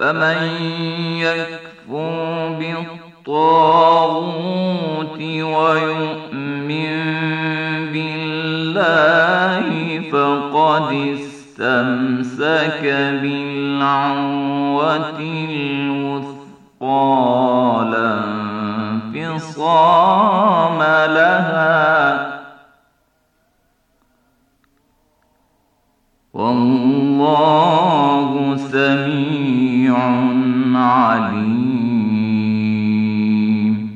فمن يكفر بالطاغوت ويؤمن بالله فقد استمسك بالعروة الوثقى لا انفصام لها والله سميع عليم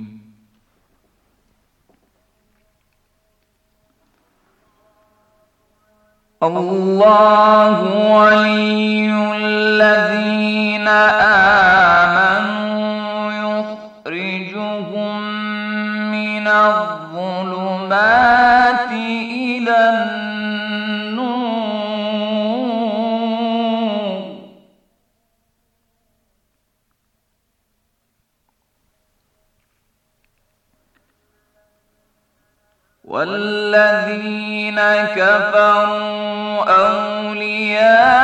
الله ولي الذين آمنوا يخرجهم من الظلمات إلى النار والذين كفروا أولياءهم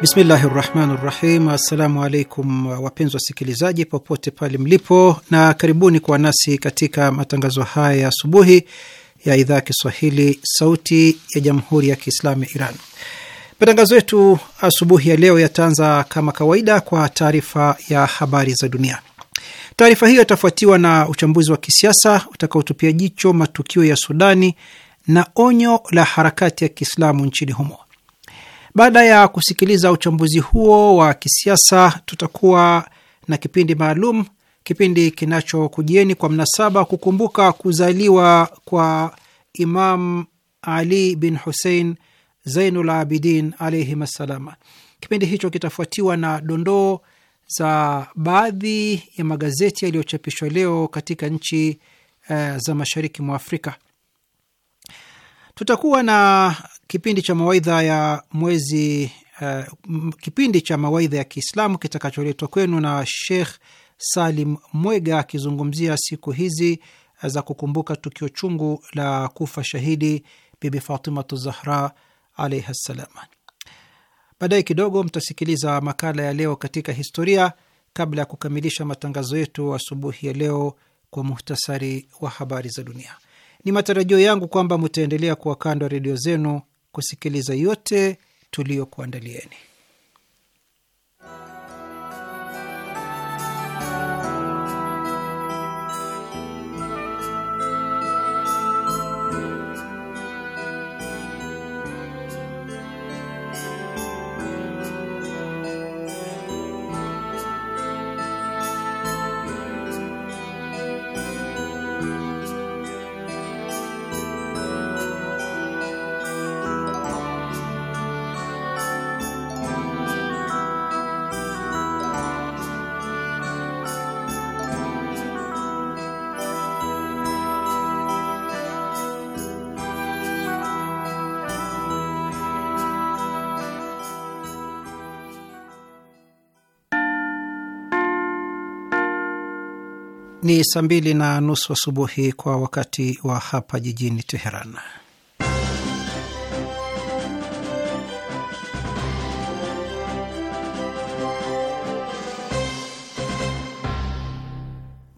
Bismillahi rahmani rahim. Assalamu alaikum wapenzi wasikilizaji popote pale mlipo, na karibuni kwa nasi katika matangazo haya ya asubuhi ya idhaa ya Kiswahili sauti ya jamhuri ya Kiislamu ya Iran. Matangazo yetu asubuhi ya leo yataanza kama kawaida kwa taarifa ya habari za dunia. Taarifa hiyo itafuatiwa na uchambuzi wa kisiasa utakaotupia jicho matukio ya Sudani na onyo la harakati ya Kiislamu nchini humo. Baada ya kusikiliza uchambuzi huo wa kisiasa, tutakuwa na kipindi maalum, kipindi kinachokujieni kwa mnasaba kukumbuka kuzaliwa kwa Imam Ali bin Hussein Zainul Abidin alaihim assalama. Kipindi hicho kitafuatiwa na dondoo za baadhi ya magazeti yaliyochapishwa leo katika nchi uh, za mashariki mwa Afrika. Tutakuwa na kipindi cha mawaidha ya mwezi uh, kipindi cha mawaidha ya Kiislamu kitakacholetwa kwenu na Sheikh Salim Mwega akizungumzia siku hizi za kukumbuka tukio chungu la kufa shahidi Bibi Fatimatu Zahra alaihi ssalam. Baadaye kidogo mtasikiliza makala ya leo katika historia, kabla ya kukamilisha matangazo yetu asubuhi ya leo kwa muhtasari wa habari za dunia. Ni matarajio yangu kwamba mutaendelea kuwa kando ya redio zenu kusikiliza yote tuliyokuandalieni. Ni saa mbili na nusu asubuhi wa kwa wakati wa hapa jijini Teheran.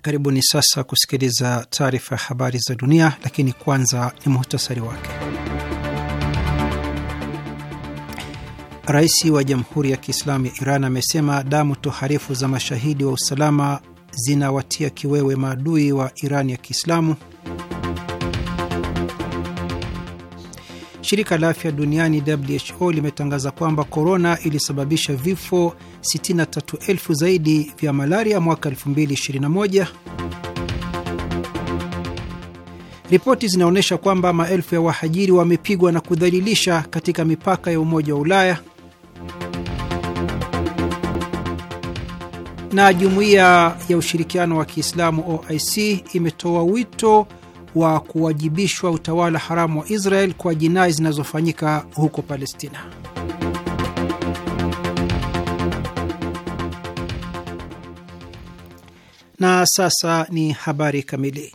Karibuni sasa kusikiliza taarifa ya habari za dunia, lakini kwanza ni muhtasari wake. Rais wa Jamhuri ya Kiislamu ya Iran amesema damu toharifu za mashahidi wa usalama zinawatia kiwewe maadui wa Iran ya Kiislamu. Shirika la afya duniani WHO limetangaza kwamba korona ilisababisha vifo 63,000 zaidi vya malaria mwaka 2021. Ripoti zinaonyesha kwamba maelfu ya wahajiri wamepigwa na kudhalilisha katika mipaka ya Umoja wa Ulaya. na Jumuiya ya Ushirikiano wa Kiislamu OIC imetoa wito wa kuwajibishwa utawala haramu wa Israel kwa jinai zinazofanyika huko Palestina. Na sasa ni habari kamili.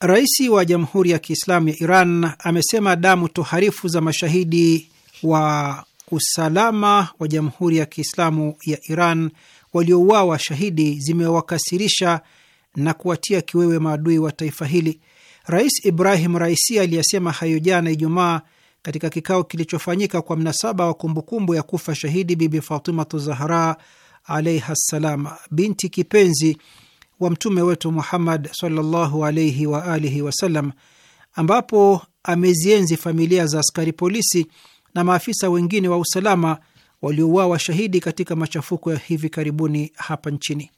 Rais wa Jamhuri ya Kiislamu ya Iran amesema damu toharifu za mashahidi wa usalama wa Jamhuri ya Kiislamu ya Iran waliouawa shahidi zimewakasirisha na kuwatia kiwewe maadui wa taifa hili. Rais Ibrahim Raisi aliyesema hayo jana Ijumaa katika kikao kilichofanyika kwa mnasaba wa kumbukumbu ya kufa shahidi Bibi Fatimatu Zahra alaiha ssalam, binti kipenzi wa mtume wetu Muhammad sallallahu alaihi wa alihi wasallam, ambapo amezienzi familia za askari polisi na maafisa wengine wa usalama waliouawa shahidi katika machafuko ya hivi karibuni hapa nchini.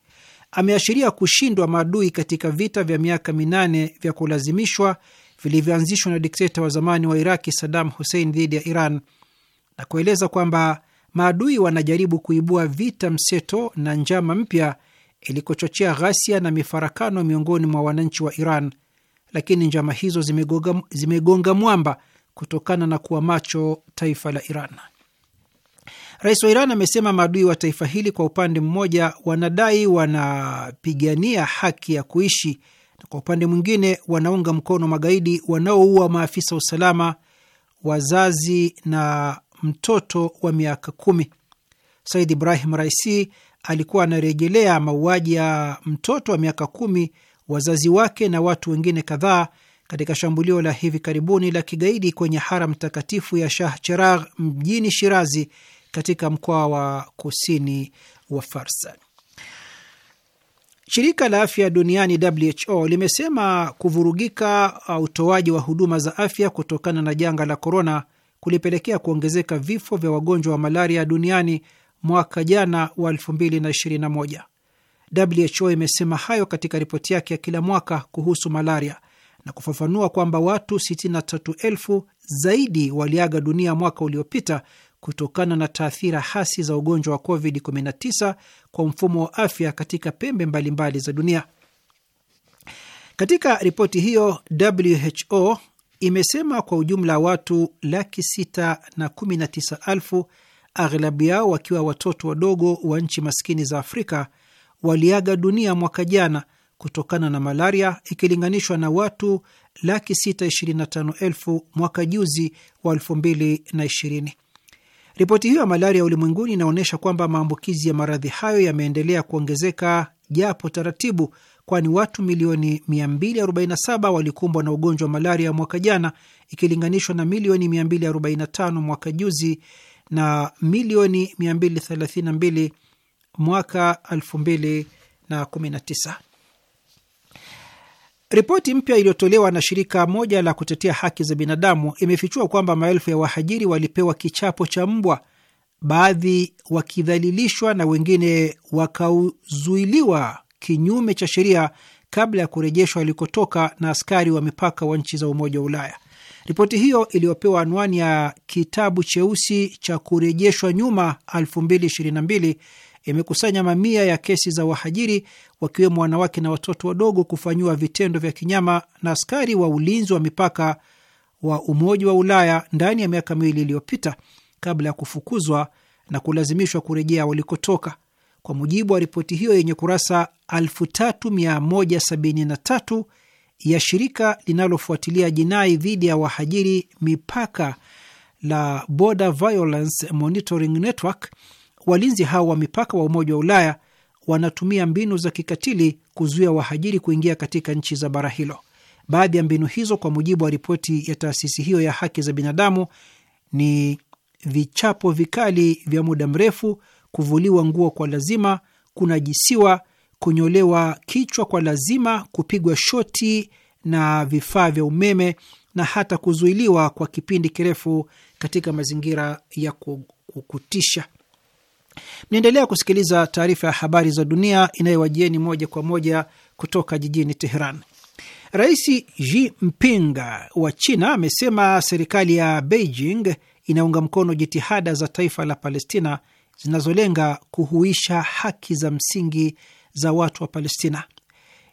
Ameashiria kushindwa maadui katika vita vya miaka minane vya kulazimishwa vilivyoanzishwa na dikteta wa zamani wa Iraki Saddam Hussein dhidi ya Iran na kueleza kwamba maadui wanajaribu kuibua vita mseto na njama mpya ilikochochea ghasia na mifarakano miongoni mwa wananchi wa Iran, lakini njama hizo zimegonga, zimegonga mwamba kutokana na kuwa macho taifa la Iran. Rais wa Iran amesema maadui wa taifa hili kwa upande mmoja wanadai wanapigania haki ya kuishi na kwa upande mwingine wanaunga mkono magaidi wanaoua maafisa wa usalama, wazazi na mtoto wa miaka kumi. Said Ibrahim Raisi alikuwa anarejelea mauaji ya mtoto wa miaka kumi, wazazi wake na watu wengine kadhaa katika shambulio la hivi karibuni la kigaidi kwenye haram takatifu ya Shah Cheragh mjini Shirazi katika mkoa wa kusini wa Farsa. Shirika la afya duniani WHO limesema kuvurugika utoaji wa huduma za afya kutokana na janga la korona kulipelekea kuongezeka vifo vya wagonjwa wa malaria duniani mwaka jana wa 2021. WHO imesema hayo katika ripoti yake ya kila mwaka kuhusu malaria na kufafanua kwamba watu 63,000 zaidi waliaga dunia mwaka uliopita kutokana na taathira hasi za ugonjwa wa COVID-19 kwa mfumo wa afya katika pembe mbalimbali mbali za dunia. Katika ripoti hiyo, WHO imesema kwa ujumla watu laki sita na kumi na tisa elfu, aghlabu yao wakiwa watoto wadogo wa nchi maskini za Afrika waliaga dunia mwaka jana kutokana na malaria ikilinganishwa na watu laki sita ishirini na tano elfu mwaka juzi wa elfu mbili na ishirini. Ripoti hiyo ya malaria ulimwenguni inaonyesha kwamba maambukizi ya maradhi hayo yameendelea kuongezeka japo taratibu, kwani watu milioni 247 walikumbwa na ugonjwa wa malaria mwaka jana ikilinganishwa na milioni 245 mwaka juzi na milioni 232 mwaka 2019. Ripoti mpya iliyotolewa na shirika moja la kutetea haki za binadamu imefichua kwamba maelfu ya wahajiri walipewa kichapo cha mbwa, baadhi wakidhalilishwa na wengine wakazuiliwa kinyume cha sheria kabla ya kurejeshwa walikotoka na askari wa mipaka wa nchi za Umoja wa Ulaya. Ripoti hiyo iliyopewa anwani ya kitabu cheusi cha kurejeshwa nyuma imekusanya mamia ya kesi za wahajiri wakiwemo wanawake na watoto wadogo kufanyiwa vitendo vya kinyama na askari wa ulinzi wa mipaka wa Umoja wa Ulaya ndani ya miaka miwili iliyopita kabla ya kufukuzwa na kulazimishwa kurejea walikotoka, kwa mujibu wa ripoti hiyo yenye kurasa 3173 ya shirika linalofuatilia jinai dhidi ya wahajiri mipaka la Border Violence Monitoring Network walinzi hao wa mipaka wa Umoja wa Ulaya wanatumia mbinu za kikatili kuzuia wahajiri kuingia katika nchi za bara hilo. Baadhi ya mbinu hizo, kwa mujibu wa ripoti ya taasisi hiyo ya haki za binadamu, ni vichapo vikali vya muda mrefu, kuvuliwa nguo kwa lazima, kunajisiwa, kunyolewa kichwa kwa lazima, kupigwa shoti na vifaa vya umeme na hata kuzuiliwa kwa kipindi kirefu katika mazingira ya kukutisha. Mnaendelea kusikiliza taarifa ya habari za dunia inayowajieni moja kwa moja kutoka jijini Teheran. Rais Xi Jinping wa China amesema serikali ya Beijing inaunga mkono jitihada za taifa la Palestina zinazolenga kuhuisha haki za msingi za watu wa Palestina.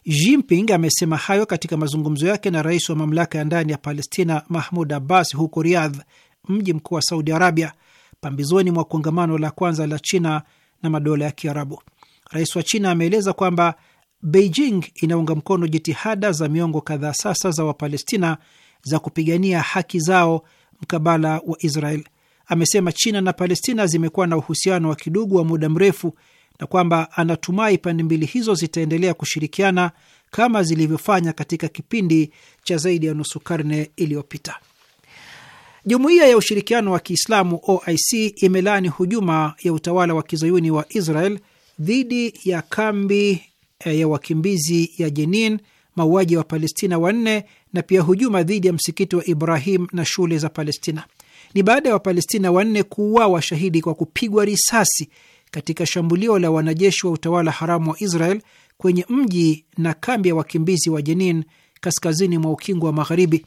Jinping amesema hayo katika mazungumzo yake na rais wa mamlaka ya ndani ya Palestina Mahmud Abbas huko Riyadh, mji mkuu wa Saudi Arabia, pambizoni mwa kongamano la kwanza la China na madola ya Kiarabu. Rais wa China ameeleza kwamba Beijing inaunga mkono jitihada za miongo kadhaa sasa za Wapalestina za kupigania haki zao mkabala wa Israel. Amesema China na Palestina zimekuwa na uhusiano wa kidugu wa muda mrefu na kwamba anatumai pande mbili hizo zitaendelea kushirikiana kama zilivyofanya katika kipindi cha zaidi ya nusu karne iliyopita. Jumuiya ya Ushirikiano wa Kiislamu OIC imelaani hujuma ya utawala wa kizayuni wa Israel dhidi ya kambi eh, ya wakimbizi ya Jenin, mauaji wa palestina wanne na pia hujuma dhidi ya msikiti wa Ibrahim na shule za Palestina. Ni baada ya Wapalestina wanne kuuawa shahidi kwa kupigwa risasi katika shambulio la wanajeshi wa utawala haramu wa Israel kwenye mji na kambi ya wakimbizi wa Jenin kaskazini mwa ukingo wa Magharibi.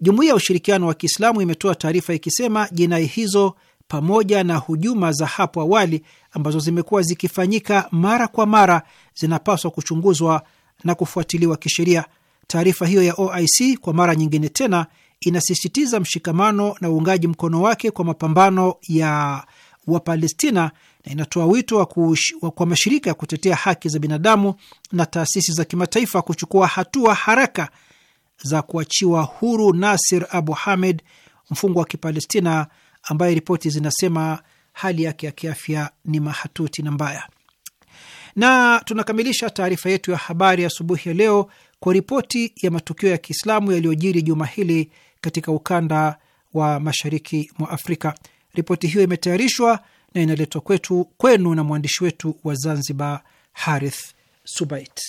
Jumuiya ya Ushirikiano wa Kiislamu imetoa taarifa ikisema jinai hizo pamoja na hujuma za hapo awali ambazo zimekuwa zikifanyika mara kwa mara zinapaswa kuchunguzwa na kufuatiliwa kisheria. Taarifa hiyo ya OIC kwa mara nyingine tena inasisitiza mshikamano na uungaji mkono wake kwa mapambano ya Wapalestina na inatoa wito kwa mashirika ya kutetea haki za binadamu na taasisi za kimataifa kuchukua hatua haraka za kuachiwa huru Nasir Abu Hamed, mfungwa wa Kipalestina ambaye ripoti zinasema hali yake ya kiafya ni mahatuti na mbaya. Na tunakamilisha taarifa yetu ya habari asubuhi ya leo kwa ripoti ya matukio ya Kiislamu yaliyojiri juma hili katika ukanda wa mashariki mwa Afrika. Ripoti hiyo imetayarishwa na inaletwa kwetu kwenu na mwandishi wetu wa Zanzibar, Harith Subait.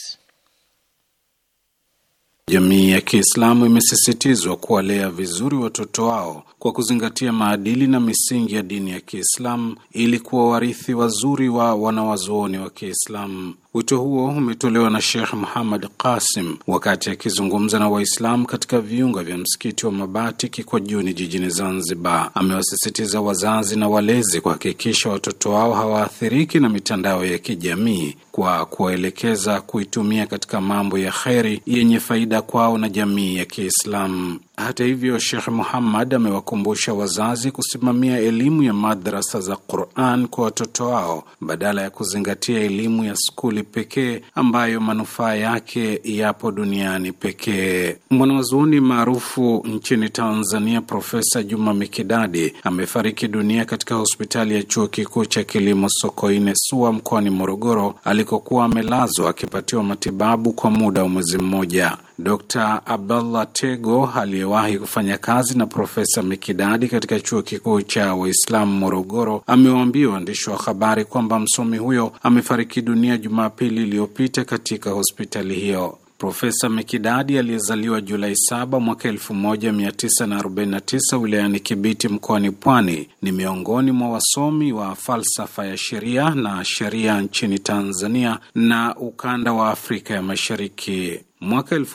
Jamii ya Kiislamu imesisitizwa kuwalea vizuri watoto wao kwa kuzingatia maadili na misingi ya dini ya Kiislamu ili kuwa warithi wazuri wa wanawazuoni wa Kiislamu. Wito huo umetolewa na Sheikh Muhammad Qasim wakati akizungumza na Waislamu katika viunga vya msikiti wa Mabati Kikwajuni jijini Zanzibar. Amewasisitiza wazazi na walezi kuhakikisha watoto wao hawaathiriki na mitandao ya kijamii kwa kuwaelekeza kuitumia katika mambo ya kheri yenye faida kwao na jamii ya Kiislamu. Hata hivyo, Shekh Muhammad amewakumbusha wazazi kusimamia elimu ya madrasa za Quran kwa watoto wao badala ya kuzingatia elimu ya skuli pekee ambayo manufaa yake yapo duniani pekee. Mwanazuoni maarufu nchini Tanzania Profesa Juma Mikidadi amefariki dunia katika hospitali ya chuo kikuu cha kilimo Sokoine SUA mkoani Morogoro alikokuwa amelazwa akipatiwa matibabu kwa muda wa mwezi mmoja. Dr Abdallah Tego aliyewahi kufanya kazi na Profesa Mikidadi katika chuo kikuu cha Waislamu Morogoro amewaambia waandishi wa habari kwamba msomi huyo amefariki dunia Jumapili iliyopita katika hospitali hiyo. Profesa Mikidadi aliyezaliwa Julai 7 mwaka 1949 wilayani Kibiti mkoani Pwani ni miongoni mwa wasomi wa falsafa ya sheria na sheria nchini Tanzania na ukanda wa Afrika ya Mashariki. Mwaka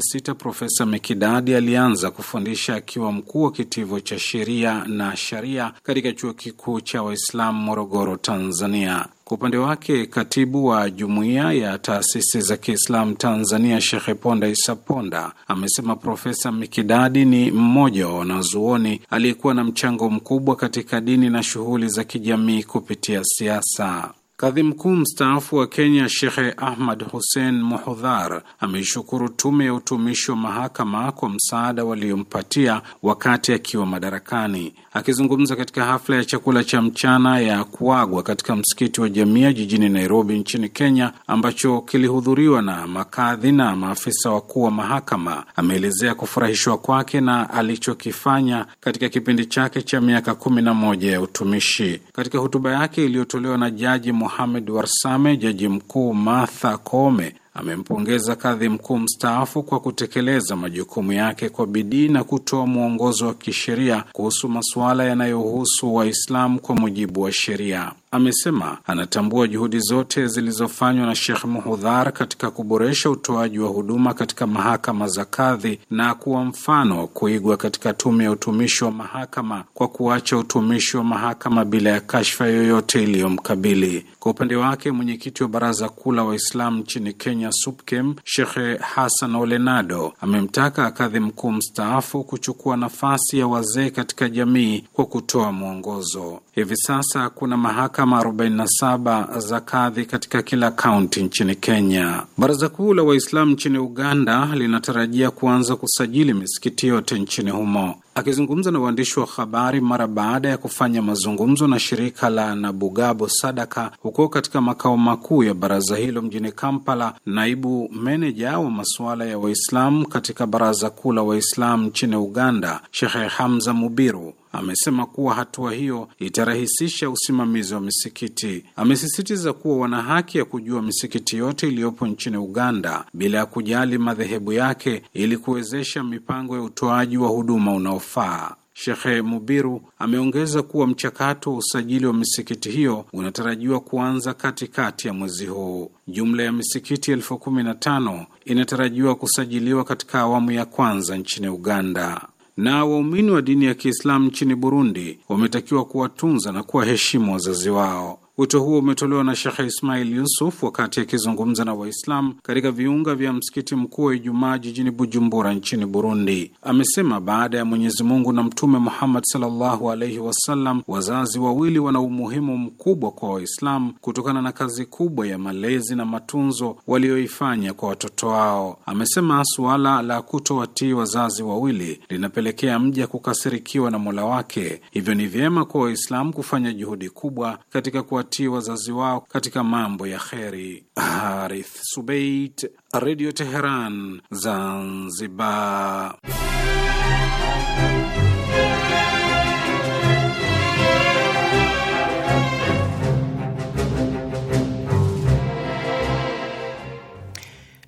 sita Profesa Mikidadi alianza kufundisha akiwa mkuu wa kitivo cha sheria na sharia katika chuo kikuu cha Waislamu Morogoro, Tanzania. Kwa upande wake, katibu wa jumuiya ya taasisi za Kiislamu Tanzania, Shekhe Ponda Isa Ponda amesema Profesa Mikidadi ni mmoja wa wanazuoni aliyekuwa na mchango mkubwa katika dini na shughuli za kijamii kupitia siasa. Kadhi mkuu mstaafu wa Kenya Shekhe Ahmad Hussein Muhudhar ameishukuru tume ya utumishi wa mahakama kwa msaada waliompatia wakati akiwa madarakani. Akizungumza katika hafla ya chakula cha mchana ya kuagwa katika msikiti wa Jamia jijini Nairobi nchini Kenya, ambacho kilihudhuriwa na makadhi na maafisa wakuu wa mahakama, ameelezea kufurahishwa kwake na alichokifanya katika kipindi chake cha miaka kumi na moja ya utumishi. Katika hotuba yake iliyotolewa na Jaji Mohamed Warsame, Jaji Mkuu Martha Koome amempongeza kadhi mkuu mstaafu kwa kutekeleza majukumu yake kwa bidii na kutoa mwongozo wa kisheria kuhusu masuala yanayohusu Waislamu kwa mujibu wa sheria amesema anatambua juhudi zote zilizofanywa na Sheikh Muhudhar katika kuboresha utoaji wa huduma katika mahakama za kadhi na kuwa mfano wa kuigwa katika tume ya utumishi wa mahakama kwa kuacha utumishi wa mahakama bila ya kashfa yoyote iliyomkabili. Kwa upande wake, mwenyekiti wa Baraza Kuu la Waislamu nchini Kenya, SUPKEM, Shekhe Hasan Olenado amemtaka kadhi mkuu mstaafu kuchukua nafasi ya wazee katika jamii kwa kutoa mwongozo. Hivi sasa kuna mahakama mahakama 47 za kadhi katika kila kaunti nchini Kenya. Baraza Kuu la Waislamu nchini Uganda linatarajia kuanza kusajili misikiti yote nchini humo. Akizungumza na waandishi wa habari mara baada ya kufanya mazungumzo na shirika la Nabugabo Sadaka huko katika makao makuu ya baraza hilo mjini Kampala, naibu meneja wa masuala ya Waislamu katika Baraza Kuu la Waislamu nchini Uganda, Shehe Hamza Mubiru amesema kuwa hatua hiyo itarahisisha usimamizi wa misikiti. Amesisitiza kuwa wana haki ya kujua misikiti yote iliyopo nchini Uganda bila ya kujali madhehebu yake ili kuwezesha mipango ya utoaji wa huduma unaofaa. Shekhe Mubiru ameongeza kuwa mchakato wa usajili wa misikiti hiyo unatarajiwa kuanza katikati ya mwezi huu. Jumla ya misikiti elfu kumi na tano inatarajiwa kusajiliwa katika awamu ya kwanza nchini Uganda na waumini wa dini ya Kiislamu nchini Burundi wametakiwa kuwatunza na kuwaheshimu wazazi wao. Wito huo umetolewa na Shekhe Ismail Yusuf wakati akizungumza na Waislamu katika viunga vya msikiti mkuu wa Ijumaa jijini Bujumbura nchini Burundi. Amesema baada ya Mwenyezi Mungu na Mtume Muhammad sallallahu alaihi wasallam, wazazi wawili wana umuhimu mkubwa kwa Waislamu kutokana na kazi kubwa ya malezi na matunzo walioifanya kwa watoto wao. Amesema suala la kutowatii wazazi wawili linapelekea mja kukasirikiwa na Mola wake, hivyo ni vyema kwa waislam kufanya juhudi kubwa katika kuwatii wazazi wao katika mambo ya kheri. Harith Subeit, Redio Teheran, Zanzibar.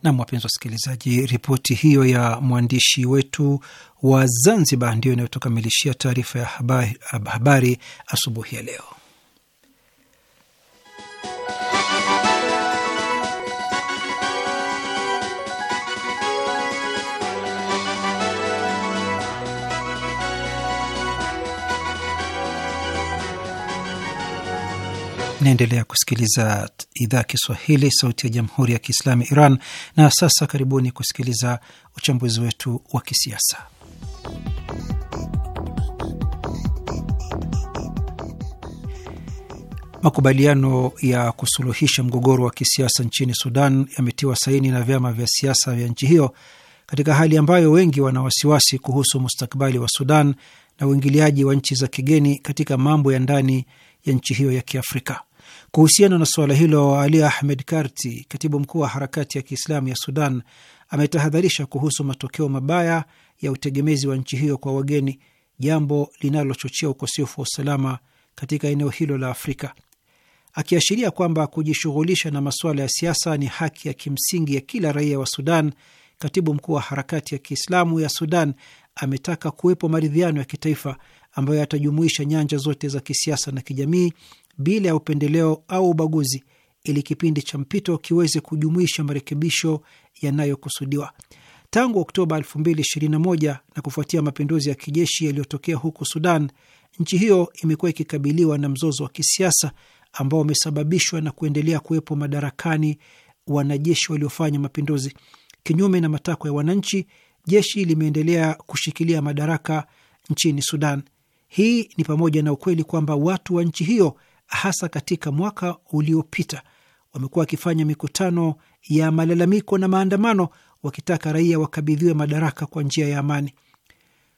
Nam, wapenzi wasikilizaji, ripoti hiyo ya mwandishi wetu wa Zanzibar ndiyo inayotukamilishia taarifa ya habari, habari asubuhi ya leo. naendelea kusikiliza idhaa ya Kiswahili, sauti ya jamhuri ya kiislamu Iran. Na sasa karibuni kusikiliza uchambuzi wetu wa kisiasa. Makubaliano ya kusuluhisha mgogoro wa kisiasa nchini Sudan yametiwa saini na vyama vya siasa vya nchi hiyo katika hali ambayo wengi wana wasiwasi kuhusu mustakabali wa Sudan na uingiliaji wa nchi za kigeni katika mambo ya ndani ya nchi hiyo ya Kiafrika. Kuhusiana na suala hilo, Ali Ahmed Karti, katibu mkuu wa harakati ya Kiislamu ya Sudan, ametahadharisha kuhusu matokeo mabaya ya utegemezi wa nchi hiyo kwa wageni, jambo linalochochea ukosefu wa usalama katika eneo hilo la Afrika, akiashiria kwamba kujishughulisha na masuala ya siasa ni haki ya kimsingi ya kila raia wa Sudan. Katibu mkuu wa harakati ya Kiislamu ya Sudan ametaka kuwepo maridhiano ya kitaifa ambayo yatajumuisha nyanja zote za kisiasa na kijamii bila ya upendeleo au ubaguzi ili kipindi cha mpito kiweze kujumuisha marekebisho yanayokusudiwa. Tangu Oktoba 2021 na kufuatia mapinduzi ya kijeshi yaliyotokea huko Sudan, nchi hiyo imekuwa ikikabiliwa na mzozo wa kisiasa ambao umesababishwa na kuendelea kuwepo madarakani wanajeshi waliofanya mapinduzi. Kinyume na matakwa ya wananchi, jeshi limeendelea kushikilia madaraka nchini Sudan. Hii ni pamoja na ukweli kwamba watu wa nchi hiyo hasa katika mwaka uliopita, wamekuwa wakifanya mikutano ya malalamiko na maandamano wakitaka raia wakabidhiwe madaraka kwa njia ya amani.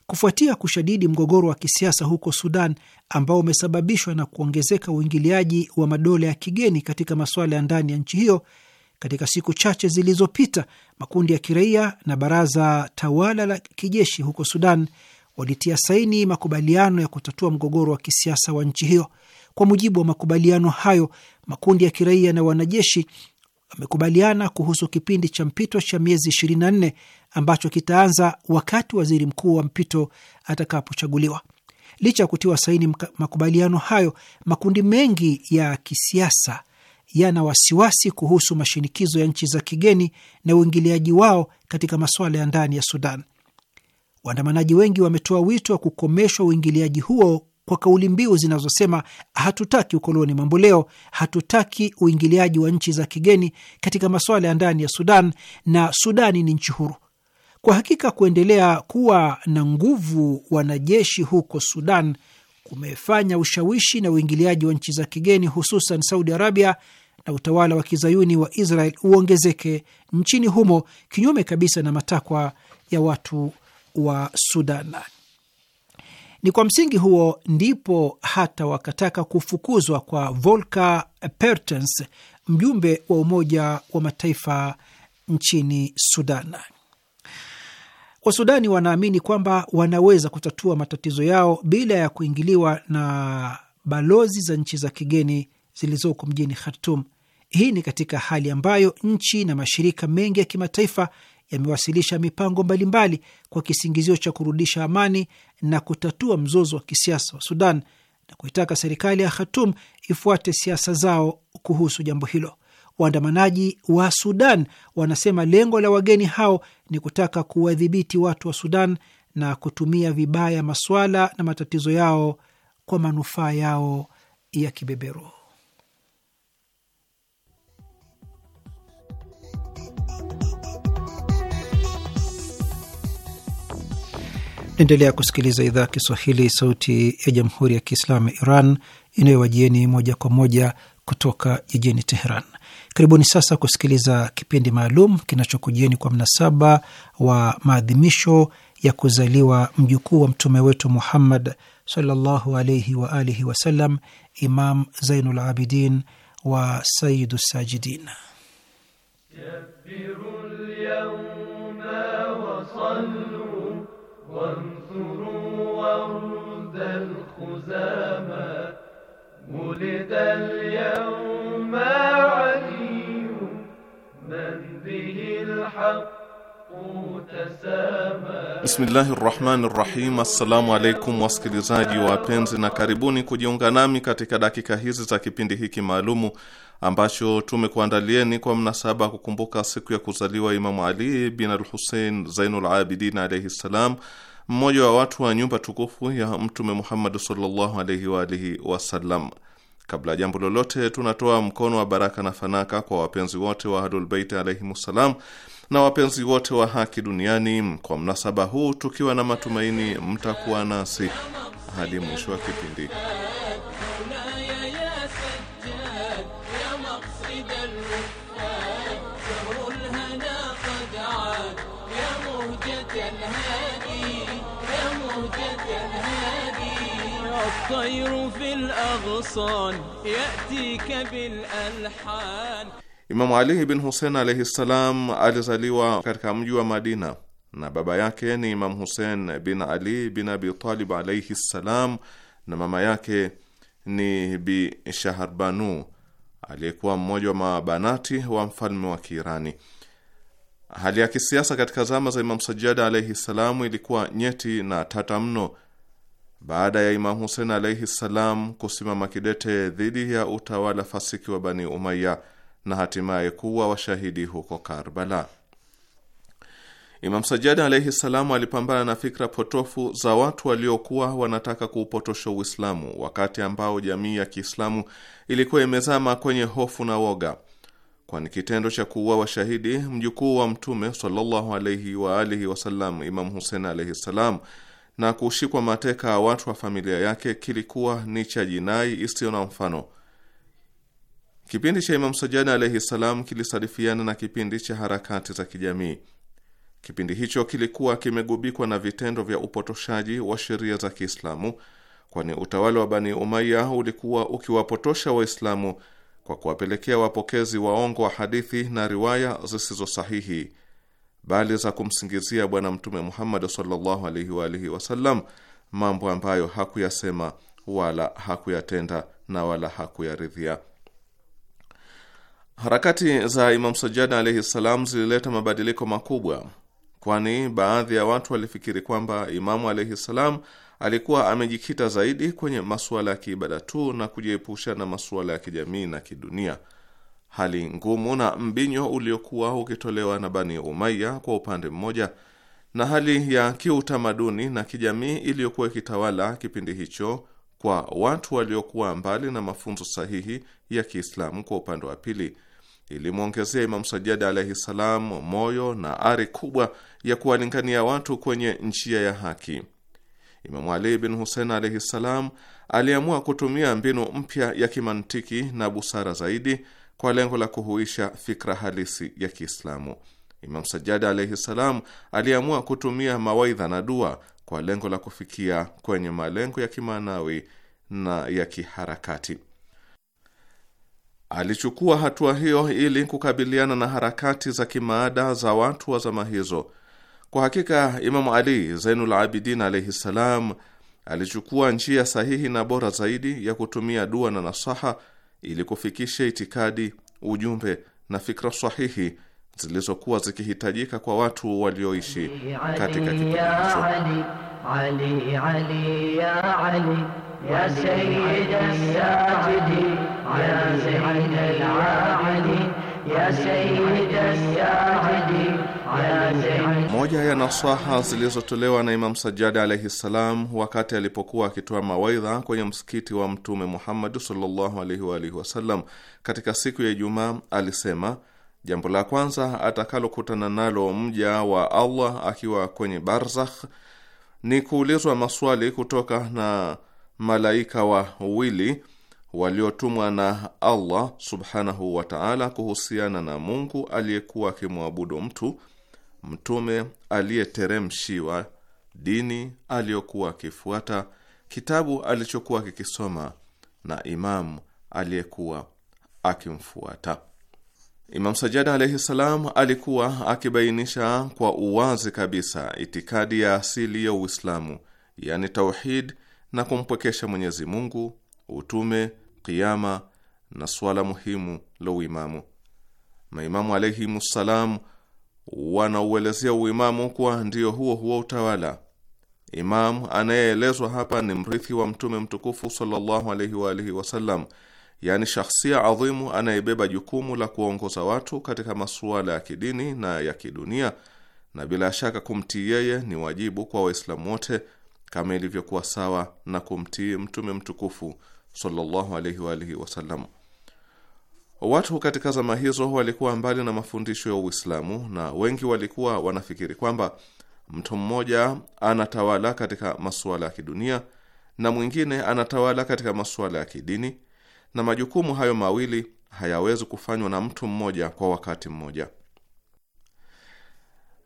Kufuatia kushadidi mgogoro wa kisiasa huko Sudan ambao umesababishwa na kuongezeka uingiliaji wa madola ya kigeni katika masuala ya ndani ya nchi hiyo, katika siku chache zilizopita makundi ya kiraia na baraza tawala la kijeshi huko Sudan walitia saini makubaliano ya kutatua mgogoro wa kisiasa wa nchi hiyo. Kwa mujibu wa makubaliano hayo, makundi ya kiraia na wanajeshi wamekubaliana kuhusu kipindi cha mpito cha miezi 24 ambacho kitaanza wakati waziri mkuu wa mpito atakapochaguliwa. Licha ya kutiwa saini makubaliano hayo, makundi mengi ya kisiasa yana wasiwasi kuhusu mashinikizo ya nchi za kigeni na uingiliaji wao katika masuala ya ndani ya Sudan. Waandamanaji wengi wametoa wito wa kukomeshwa uingiliaji huo kwa kauli mbiu zinazosema hatutaki ukoloni mamboleo, hatutaki uingiliaji wa nchi za kigeni katika masuala ya ndani ya Sudan na Sudani ni nchi huru. Kwa hakika kuendelea kuwa na nguvu wanajeshi huko Sudan kumefanya ushawishi na uingiliaji wa nchi za kigeni hususan Saudi Arabia na utawala wa kizayuni wa Israel uongezeke nchini humo, kinyume kabisa na matakwa ya watu wa Sudan. Ni kwa msingi huo ndipo hata wakataka kufukuzwa kwa Volker Perthes, mjumbe wa Umoja wa Mataifa nchini Sudan. Wasudani wanaamini kwamba wanaweza kutatua matatizo yao bila ya kuingiliwa na balozi za nchi za kigeni zilizoko mjini Khartum. Hii ni katika hali ambayo nchi na mashirika mengi ya kimataifa yamewasilisha mipango mbalimbali kwa kisingizio cha kurudisha amani na kutatua mzozo wa kisiasa wa Sudan na kuitaka serikali ya Khartoum ifuate siasa zao kuhusu jambo hilo. Waandamanaji wa Sudan wanasema lengo la wageni hao ni kutaka kuwadhibiti watu wa Sudan na kutumia vibaya masuala na matatizo yao kwa manufaa yao ya kibeberu. Naendelea kusikiliza idhaa ya Kiswahili, sauti ya jamhuri ya kiislamu ya Iran inayowajieni moja kwa moja kutoka jijini Teheran. Karibuni sasa kusikiliza kipindi maalum kinachokujieni kwa mnasaba wa maadhimisho ya kuzaliwa mjukuu wa mtume wetu Muhammad sallallahu alaihi wa alihi wasallam, Imam Zainul Abidin wa Sayyidu Sajidin. وانصروا ورد Bismillahi rahmani rahim. Assalamu alaikum wasikilizaji wapenzi, na karibuni kujiunga nami katika dakika hizi za kipindi hiki maalumu ambacho tumekuandalieni kwa mnasaba kukumbuka siku ya kuzaliwa Imamu Ali bin al-Hussein Zainul Abidin ssalam mmoja wa watu wa nyumba tukufu ya Mtume Muhammad sallallahu alayhi wa alihi wasallam. Kabla ya jambo lolote, tunatoa mkono wa baraka na fanaka kwa wapenzi wote wa ahlulbeiti alaihim alayhimus na wapenzi wote wa haki duniani kwa mnasaba huu, tukiwa na matumaini mtakuwa nasi hadi mwisho wa kipindi. imamu Ali bin Hussein alaihi salam alizaliwa katika mji wa Madina na baba yake ni Imam Hussein bin Ali bin Abi Talib alaihi salam na mama yake ni Bi shahrbanu aliyekuwa mmoja wa mabanati wa mfalme wa Kiirani. Hali ya kisiasa katika zama za Imam Sajjad alaihi salam ilikuwa nyeti na tata mno baada ya Imam Husein alaihi ssalam kusimama kidete dhidi ya utawala fasiki wa Bani Umaya na hatimaye kuwa washahidi huko Karbala. Imam Sajjad alaihi ssalamu alipambana na fikra potofu za watu waliokuwa wanataka kuupotosha Uislamu wakati ambao jamii ya Kiislamu ilikuwa imezama kwenye hofu na woga, kwani kitendo cha kuua washahidi mjukuu wa Mtume sallallahu alaihi wa alihi wasallam Imam Husein alaihi ssalam na kushikwa mateka watu wa familia yake kilikuwa ni cha jinai isiyo na mfano. Kipindi cha Imam Sajjad alayhi salam kilisadifiana na kipindi cha harakati za kijamii. Kipindi hicho kilikuwa kimegubikwa na vitendo vya upotoshaji wa sheria za Kiislamu, kwani utawala wa Bani Umayya ulikuwa ukiwapotosha Waislamu kwa kuwapelekea wapokezi waongo wa hadithi na riwaya zisizo sahihi bali za kumsingizia Bwana Mtume Muhammad sallallahu alaihi wa alihi wasallam mambo ambayo hakuyasema wala hakuyatenda na wala hakuyaridhia. Harakati za Imam Sajjad alaihi ssalam zilileta mabadiliko makubwa, kwani baadhi ya watu walifikiri kwamba Imamu alaihi ssalam alikuwa amejikita zaidi kwenye masuala ya kiibada tu na kujiepusha na masuala ya kijamii na kidunia hali ngumu na mbinyo uliokuwa ukitolewa na Bani Umaya kwa upande mmoja, na hali ya kiutamaduni na kijamii iliyokuwa ikitawala kipindi hicho kwa watu waliokuwa mbali na mafunzo sahihi ya Kiislamu kwa upande wa pili, ilimwongezea Imam sajadi alaihi salam moyo na ari kubwa ya kuwalingania watu kwenye njia ya haki. Imamu Ali bin Husein alaihi salam aliamua kutumia mbinu mpya ya kimantiki na busara zaidi kwa lengo la kuhuisha fikra halisi ya Kiislamu. Imam Sajjad alayhi salam aliamua kutumia mawaidha na dua kwa lengo la kufikia kwenye malengo ya kimaanawi na ya kiharakati. Alichukua hatua hiyo ili kukabiliana na harakati za kimaada za watu wa zama hizo. Kwa hakika, Imamu Ali Zainul Abidin alaihi salam alichukua njia sahihi na bora zaidi ya kutumia dua na nasaha ili kufikisha itikadi, ujumbe na fikra sahihi zilizokuwa zikihitajika kwa watu walioishi katika kipindi hicho. Moja ya nasaha zilizotolewa na Imam sajadi alaihi ssalam wakati alipokuwa akitoa mawaidha kwenye msikiti wa Mtume Muhammad sallallahu alaihi wasallam katika siku ya Ijumaa alisema, jambo la kwanza atakalokutana nalo mja wa Allah akiwa kwenye barzakh ni kuulizwa maswali kutoka na malaika wawili waliotumwa na Allah subhanahu wa taala kuhusiana na Mungu aliyekuwa akimwabudu mtu mtume aliyeteremshiwa, dini aliyokuwa akifuata, kitabu alichokuwa kikisoma na imamu aliyekuwa akimfuata. Imam sajadi alaihi salam alikuwa akibainisha kwa uwazi kabisa itikadi ya asili ya Uislamu, yani tauhid, na kumpwekesha Mwenyezi Mungu, utume, kiama na suala muhimu la uimamu. Maimamu alaihimussalam wanauelezea uimamu kuwa ndio huo huo utawala. Imamu anayeelezwa hapa ni mrithi wa Mtume mtukufu sallallahu alaihi wa alihi wasallam, yaani shakhsia adhimu anayebeba jukumu la kuongoza watu katika masuala ya kidini na ya kidunia, na bila shaka kumtii yeye ni wajibu kwa Waislamu wote kama ilivyokuwa sawa na kumtii Mtume mtukufu sallallahu alaihi wa alihi wasallam. Watu katika zama hizo walikuwa mbali na mafundisho ya Uislamu na wengi walikuwa wanafikiri kwamba mtu mmoja anatawala katika masuala ya kidunia na mwingine anatawala katika masuala ya kidini, na majukumu hayo mawili hayawezi kufanywa na mtu mmoja kwa wakati mmoja.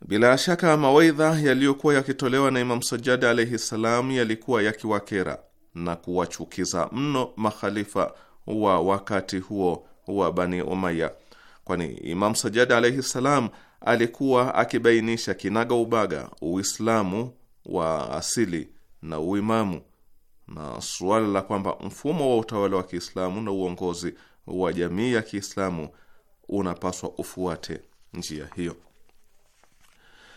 Bila shaka mawaidha yaliyokuwa yakitolewa na Imam Sajjad alaihi ssalam yalikuwa yakiwakera na kuwachukiza mno makhalifa wa wakati huo wa Bani Umaya, kwani Imam sajadi alaihi ssalam alikuwa akibainisha kinaga ubaga Uislamu wa asili na uimamu na suala la kwamba mfumo wa utawala wa Kiislamu na uongozi wa jamii ya Kiislamu unapaswa ufuate njia hiyo.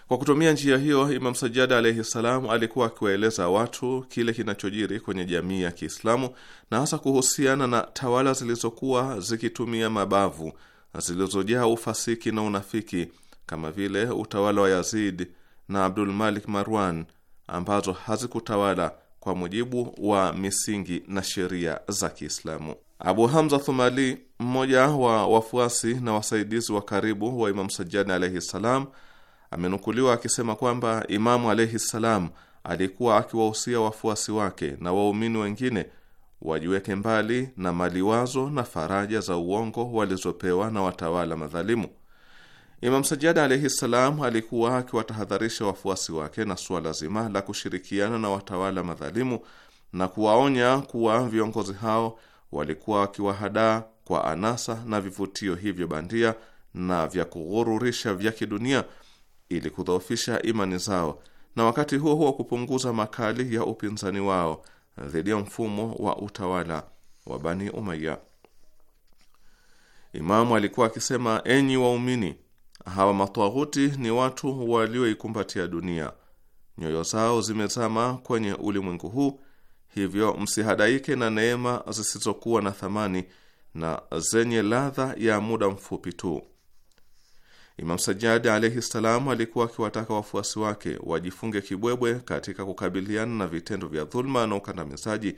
Kwa kutumia njia hiyo, Imam Sajjad alaihi salam alikuwa akiwaeleza watu kile kinachojiri kwenye jamii ya Kiislamu na hasa kuhusiana na tawala zilizokuwa zikitumia mabavu zilizojaa ufasiki na unafiki kama vile utawala wa Yazid na Abdul Malik Marwan ambazo hazikutawala kwa mujibu wa misingi na sheria za Kiislamu. Abu Hamza Thumali, mmoja wa wafuasi na wasaidizi wa karibu wa Imam Sajjad alaihi salam amenukuliwa akisema kwamba Imamu alaihi ssalam alikuwa akiwahusia wafuasi wake na waumini wengine wajiweke mbali na maliwazo na faraja za uongo walizopewa na watawala madhalimu. Imam Sajjad alaihi ssalam alikuwa akiwatahadharisha wafuasi wake na suala zima la kushirikiana na watawala madhalimu na kuwaonya kuwa viongozi hao walikuwa wakiwahadaa kwa anasa na vivutio hivyo bandia na vya kughururisha vya kidunia ili kudhoofisha imani zao na wakati huo huo kupunguza makali ya upinzani wao dhidi ya mfumo wa utawala wa Bani Umayya. Imamu alikuwa akisema, enyi waumini, hawa matwaghuti ni watu walioikumbatia dunia, nyoyo zao zimezama kwenye ulimwengu huu, hivyo msihadaike na neema zisizokuwa na thamani na zenye ladha ya muda mfupi tu. Imam Sajjad alaihi ssalam alikuwa akiwataka wafuasi wake wajifunge kibwebwe katika kukabiliana na vitendo vya dhuluma na ukandamizaji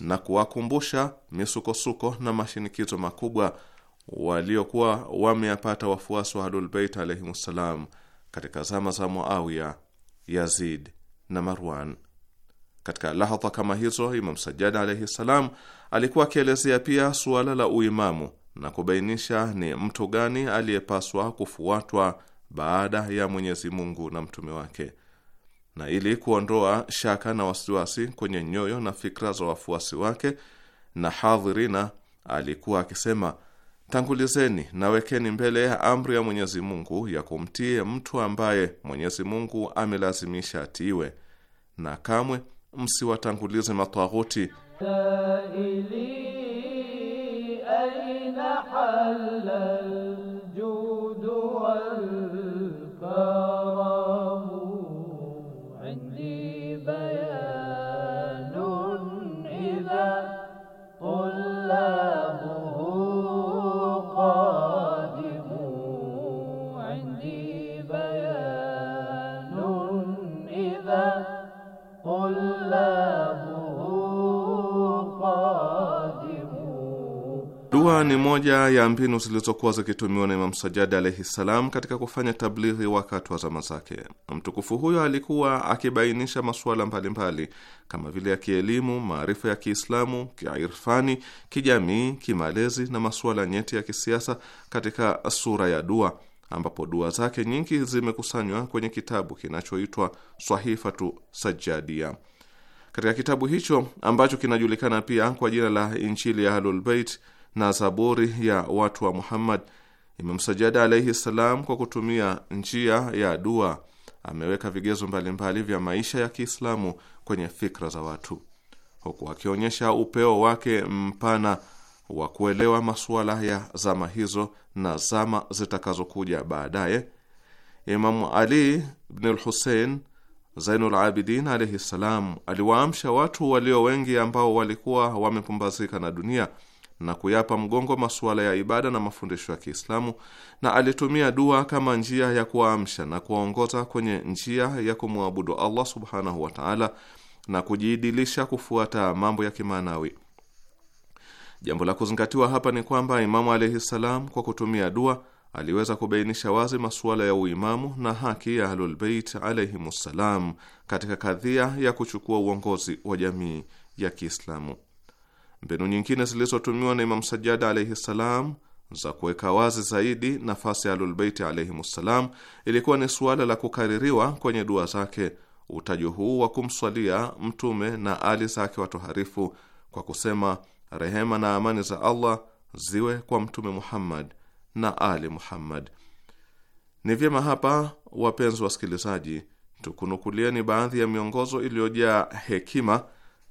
na kuwakumbusha misukosuko na mashinikizo makubwa waliokuwa wameyapata wafuasi wa Ahlulbeit alaihim ssalam katika zama za Muawiya, Yazid na Marwan. Katika lahadha kama hizo, Imam Sajjad alaihi ssalam alikuwa akielezea pia suala la uimamu na kubainisha ni mtu gani aliyepaswa kufuatwa baada ya Mwenyezi Mungu na mtume wake. Na ili kuondoa shaka na wasiwasi kwenye nyoyo na fikra za wafuasi wake na hadhirina, alikuwa akisema Tangulizeni na wekeni mbele ya amri ya Mwenyezi Mungu ya kumtie mtu ambaye Mwenyezi Mungu amelazimisha atiiwe, na kamwe msiwatangulize matwaghuti. محلا moja ya mbinu zilizokuwa zikitumiwa na Imam Sajadi alaihi ssalam katika kufanya tablighi wakati wa zama zake. Mtukufu huyo alikuwa akibainisha masuala mbalimbali kama vile ya kielimu, maarifa ya Kiislamu, kiirfani, kijamii, kimalezi na masuala nyeti ya kisiasa katika sura ya dua, ambapo dua zake nyingi zimekusanywa kwenye kitabu kinachoitwa Swahifatu Sajadia. Katika kitabu hicho ambacho kinajulikana pia kwa jina la Injili ya Ahlulbeit na Zaburi ya watu wa Muhammad imemsajada alaihi ssalam kwa kutumia njia ya dua. Ameweka vigezo mbalimbali vya maisha ya Kiislamu kwenye fikra za watu, huku akionyesha upeo wake mpana wa kuelewa masuala ya zama hizo na zama zitakazokuja baadaye. imam Ali bin al-Hussein Zainul Abidin alaihi ssalam aliwaamsha watu walio wengi ambao walikuwa wamepumbazika na dunia na kuyapa mgongo masuala ya ibada na mafundisho ya Kiislamu, na alitumia dua kama njia ya kuwaamsha na kuwaongoza kwenye njia ya kumwabudu Allah subhanahu wa taala na kujiidilisha kufuata mambo ya kimaanawi. Jambo la kuzingatiwa hapa ni kwamba Imamu alaihi salam kwa kutumia dua aliweza kubainisha wazi masuala ya uimamu na haki ya Ahlulbeit alaihimussalam katika kadhia ya kuchukua uongozi wa jamii ya Kiislamu. Mbinu nyingine zilizotumiwa na Imam Sajjad alaihi ssalam za kuweka wazi zaidi nafasi ya Ahlulbeiti ssalam ilikuwa ni suala la kukaririwa kwenye dua zake. Utajo huu wa kumswalia Mtume na ali zake watoharifu kwa kusema rehema na amani za Allah ziwe kwa Mtume Muhammad na ali Muhammad. Ni vyema hapa, wapenzi wasikilizaji, tukunukulieni baadhi ya miongozo iliyojaa hekima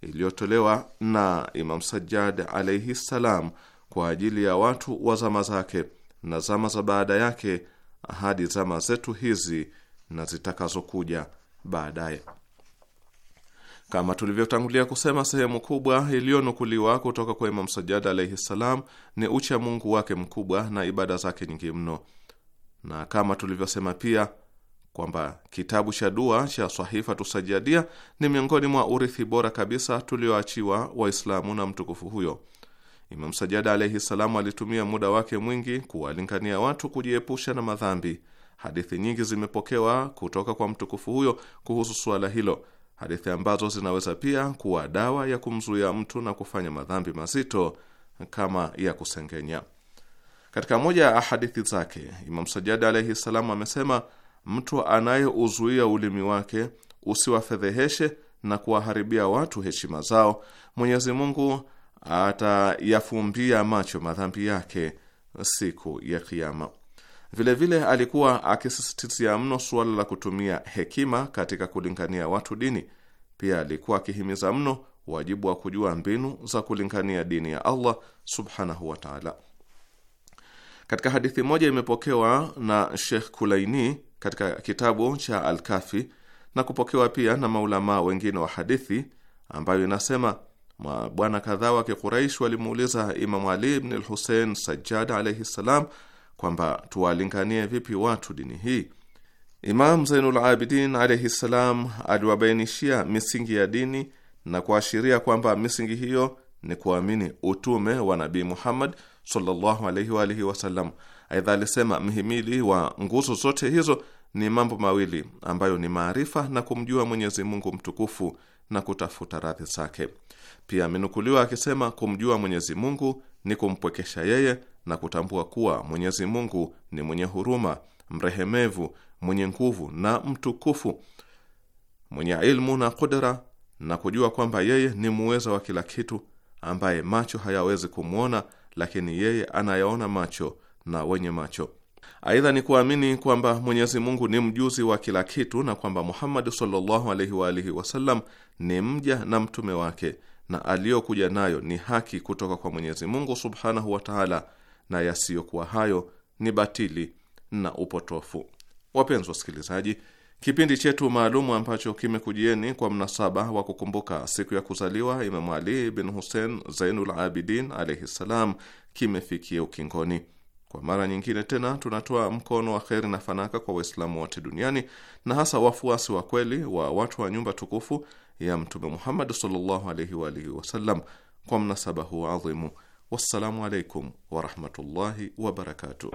iliyotolewa na Imam Sajjad alaihi ssalam kwa ajili ya watu wa zama zake na zama za baada yake hadi zama zetu hizi na zitakazokuja baadaye. Kama tulivyotangulia kusema, sehemu kubwa iliyonukuliwa kutoka kwa Imam Sajjad alaihi ssalam ni ucha Mungu wake mkubwa na ibada zake nyingi mno, na kama tulivyosema pia kwamba kitabu cha dua cha Sahifa Tusajadia ni miongoni mwa urithi bora kabisa tulioachiwa Waislamu na mtukufu huyo. Imam Sajada alaihi salamu alitumia muda wake mwingi kuwalingania watu kujiepusha na madhambi. Hadithi nyingi zimepokewa kutoka kwa mtukufu huyo kuhusu suala hilo, hadithi ambazo zinaweza pia kuwa dawa ya kumzuia mtu na kufanya madhambi mazito kama ya kusengenya. Katika moja ya hadithi zake, Imam Sajada alaihi salamu amesema mtu anayeuzuia ulimi wake usiwafedheheshe na kuwaharibia watu heshima zao, Mwenyezi Mungu atayafumbia macho madhambi yake siku ya Kiyama. Vilevile alikuwa akisisitizia mno suala la kutumia hekima katika kulingania watu dini. Pia alikuwa akihimiza mno wajibu wa kujua mbinu za kulingania dini ya Allah subhanahu wa taala. Katika hadithi moja imepokewa na Sheikh Kulaini katika kitabu cha Alkafi na kupokewa pia na maulamaa wengine wa hadithi, ambayo inasema mabwana kadhaa wa Kikuraishi walimuuliza Imamu Ali ibn al Sajjad alayhi salam kwamba tuwalinganie vipi watu dini hii. Imam Zainul Abidin alayhi salam aliwabainishia misingi ya dini na kuashiria kwamba misingi hiyo ni kuamini utume wa Nabii Muhammad sallallahu alayhi wa alihi wasallam. Aidha alisema mhimili wa nguzo zote hizo ni mambo mawili ambayo ni maarifa na kumjua Mwenyezi Mungu mtukufu na kutafuta radhi zake. Pia amenukuliwa akisema kumjua Mwenyezi Mungu ni kumpwekesha yeye na kutambua kuwa Mwenyezi Mungu ni mwenye huruma, mrehemevu, mwenye nguvu na mtukufu, mwenye ilmu na kudra, na kujua kwamba yeye ni muweza wa kila kitu, ambaye macho hayawezi kumwona, lakini yeye anayaona macho na wenye macho Aidha ni kuamini kwamba Mwenyezi Mungu ni mjuzi wa kila kitu na kwamba Muhammad sallallahu alaihi wa alihi wasallam ni mja na mtume wake na aliyokuja nayo ni haki kutoka kwa Mwenyezi Mungu subhanahu wa taala, na yasiyokuwa hayo ni batili na upotofu. Wapenzi wasikilizaji, kipindi chetu maalumu ambacho kimekujieni kwa mnasaba wa kukumbuka siku ya kuzaliwa Imamu Ali bin Hussein Zainul Abidin alaihi ssalam kimefikia ukingoni. Kwa mara nyingine tena tunatoa mkono wa kheri na fanaka kwa Waislamu wote duniani na hasa wafuasi wa kweli wa watu wa nyumba tukufu ya Mtume Muhammad sallallahu alaihi wa alihi wasallam kwa mnasaba huu adhimu. Wassalamu alaikum warahmatullahi wabarakatuh.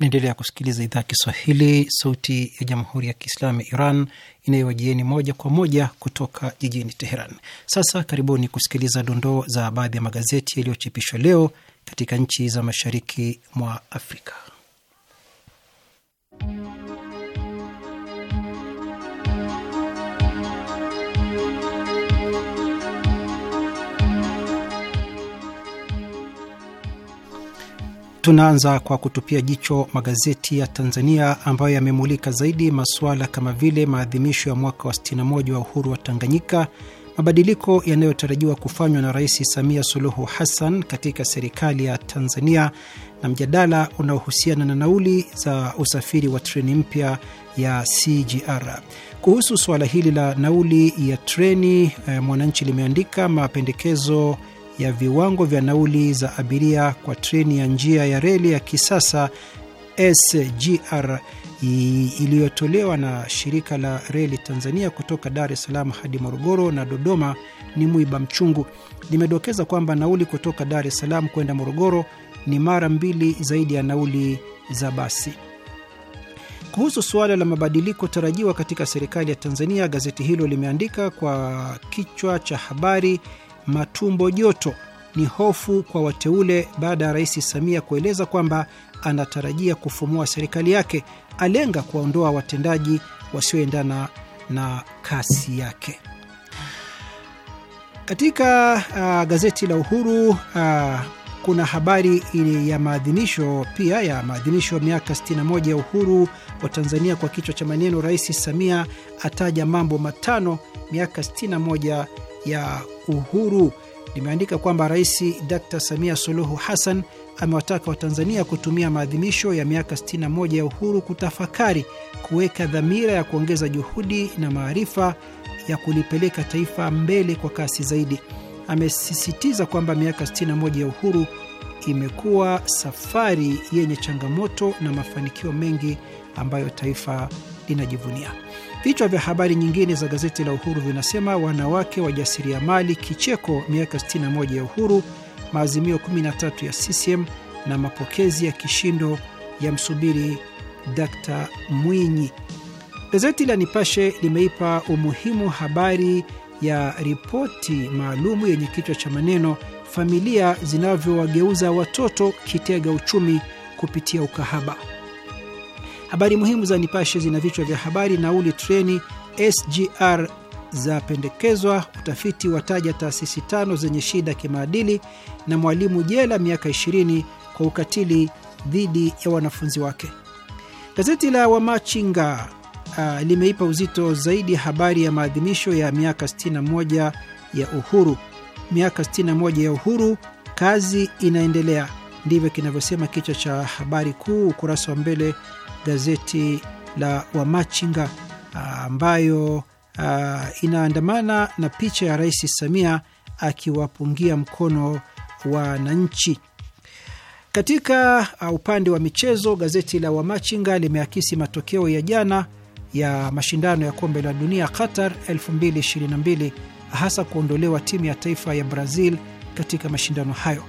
Naendelea kusikiliza idhaa Kiswahili sauti ya jamhuri ya kiislamu ya Iran inayowajieni moja kwa moja kutoka jijini Teheran. Sasa karibuni kusikiliza dondoo za baadhi ya magazeti yaliyochapishwa leo katika nchi za mashariki mwa Afrika. Tunaanza kwa kutupia jicho magazeti ya Tanzania ambayo yamemulika zaidi masuala kama vile maadhimisho ya mwaka wa 61 wa uhuru wa Tanganyika, mabadiliko yanayotarajiwa kufanywa na Rais Samia Suluhu Hassan katika serikali ya Tanzania na mjadala unaohusiana na nauli za usafiri wa treni mpya ya CGR. Kuhusu suala hili la nauli ya treni, eh, Mwananchi limeandika mapendekezo ya viwango vya nauli za abiria kwa treni ya njia ya reli ya kisasa SGR iliyotolewa na shirika la reli Tanzania kutoka Dar es Salaam hadi Morogoro na Dodoma ni mwiba mchungu. Limedokeza kwamba nauli kutoka Dar es Salaam kwenda Morogoro ni mara mbili zaidi ya nauli za basi. Kuhusu suala la mabadiliko tarajiwa katika serikali ya Tanzania, gazeti hilo limeandika kwa kichwa cha habari matumbo joto ni hofu kwa wateule baada ya Rais Samia kueleza kwamba anatarajia kufumua serikali yake, alenga kuwaondoa watendaji wasioendana na kasi yake. Katika uh, gazeti la Uhuru uh, kuna habari ya maadhimisho pia ya maadhimisho ya miaka 61 ya uhuru wa Tanzania kwa kichwa cha maneno Rais Samia ataja mambo matano miaka 61 ya Uhuru limeandika kwamba Rais Dr Samia Suluhu Hassan amewataka Watanzania kutumia maadhimisho ya miaka 61 ya uhuru kutafakari, kuweka dhamira ya kuongeza juhudi na maarifa ya kulipeleka taifa mbele kwa kasi zaidi. Amesisitiza kwamba miaka 61 ya uhuru imekuwa safari yenye changamoto na mafanikio mengi ambayo taifa linajivunia. Vichwa vya habari nyingine za gazeti la Uhuru vinasema wanawake wajasiriamali kicheko, miaka 61 ya uhuru, maazimio 13 ya CCM na mapokezi ya kishindo ya msubiri Dkt Mwinyi. Gazeti la Nipashe limeipa umuhimu habari ya ripoti maalumu yenye kichwa cha maneno familia zinavyowageuza watoto kitega uchumi kupitia ukahaba. Habari muhimu za Nipashe zina vichwa vya habari: nauli treni SGR zapendekezwa, utafiti wataja taasisi tano zenye shida kimaadili, na mwalimu jela miaka 20 kwa ukatili dhidi ya wanafunzi wake. Gazeti la Wamachinga uh, limeipa uzito zaidi habari ya maadhimisho ya miaka 61 ya uhuru. Miaka 61 ya uhuru, kazi inaendelea, ndivyo kinavyosema kichwa cha habari kuu, ukurasa wa mbele gazeti la Wamachinga ambayo ah, inaandamana na picha ya Rais Samia akiwapungia mkono wananchi. Katika ah, upande wa michezo, gazeti la Wamachinga limeakisi matokeo ya jana ya mashindano ya kombe la dunia Qatar 2022 hasa kuondolewa timu ya taifa ya Brazil katika mashindano hayo.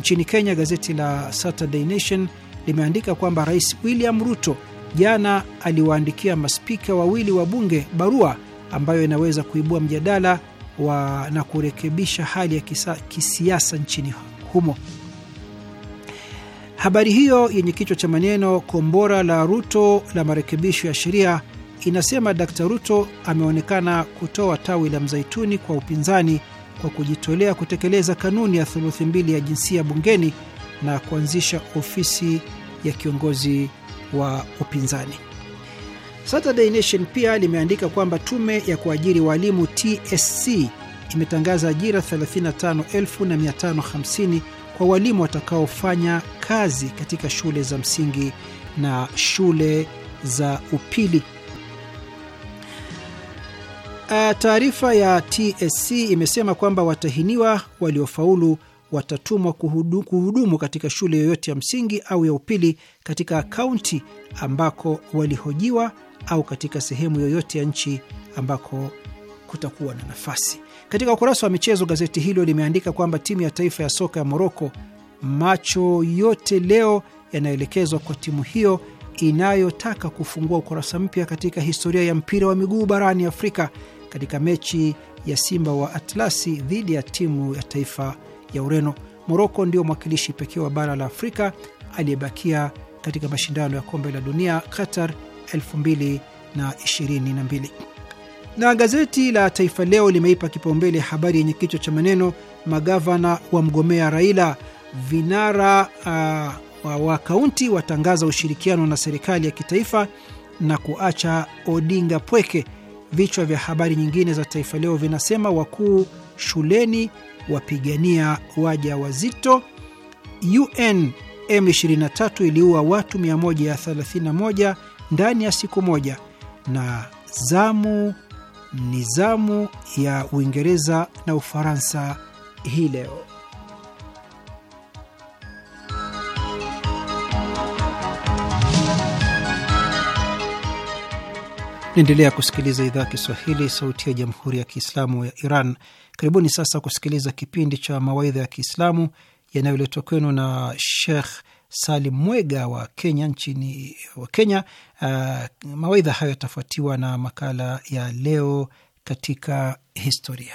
Nchini Kenya, gazeti la Saturday Nation limeandika kwamba Rais William Ruto jana aliwaandikia maspika wawili wa bunge barua ambayo inaweza kuibua mjadala wa na kurekebisha hali ya kisa, kisiasa nchini humo. Habari hiyo yenye kichwa cha maneno kombora la Ruto la marekebisho ya sheria inasema Dkt. Ruto ameonekana kutoa tawi la mzaituni kwa upinzani kwa kujitolea kutekeleza kanuni ya thuluthi mbili ya jinsia bungeni na kuanzisha ofisi ya kiongozi wa upinzani. Saturday Nation pia limeandika kwamba tume ya kuajiri walimu TSC imetangaza ajira 35,550 kwa walimu watakaofanya kazi katika shule za msingi na shule za upili. Uh, taarifa ya TSC imesema kwamba watahiniwa waliofaulu watatumwa kuhudu, kuhudumu katika shule yoyote ya msingi au ya upili katika kaunti ambako walihojiwa au katika sehemu yoyote ya nchi ambako kutakuwa na nafasi. Katika ukurasa wa michezo, gazeti hilo limeandika kwamba timu ya taifa ya soka ya Moroko, macho yote leo yanaelekezwa kwa timu hiyo inayotaka kufungua ukurasa mpya katika historia ya mpira wa miguu barani Afrika katika mechi ya Simba wa Atlasi dhidi ya timu ya taifa ya Ureno. Moroko ndio mwakilishi pekee wa bara la Afrika aliyebakia katika mashindano ya kombe la dunia Qatar 2022. Na gazeti la Taifa Leo limeipa kipaumbele habari yenye kichwa cha maneno magavana wa mgomea Raila, vinara uh, wa kaunti watangaza ushirikiano na serikali ya kitaifa na kuacha Odinga pweke. Vichwa vya habari nyingine za Taifa Leo vinasema wakuu shuleni wapigania waja wazito. UN M23 iliua watu 131 ndani ya siku moja, na zamu ni zamu ya Uingereza na Ufaransa hii leo. Naendelea kusikiliza idhaa ya Kiswahili, sauti ya jamhuri ya kiislamu ya Iran. Karibuni sasa kusikiliza kipindi cha mawaidha ya Kiislamu yanayoletwa kwenu na Shekh Salim Mwega wa Kenya nchini wa Kenya. Uh, mawaidha hayo yatafuatiwa na makala ya leo katika historia.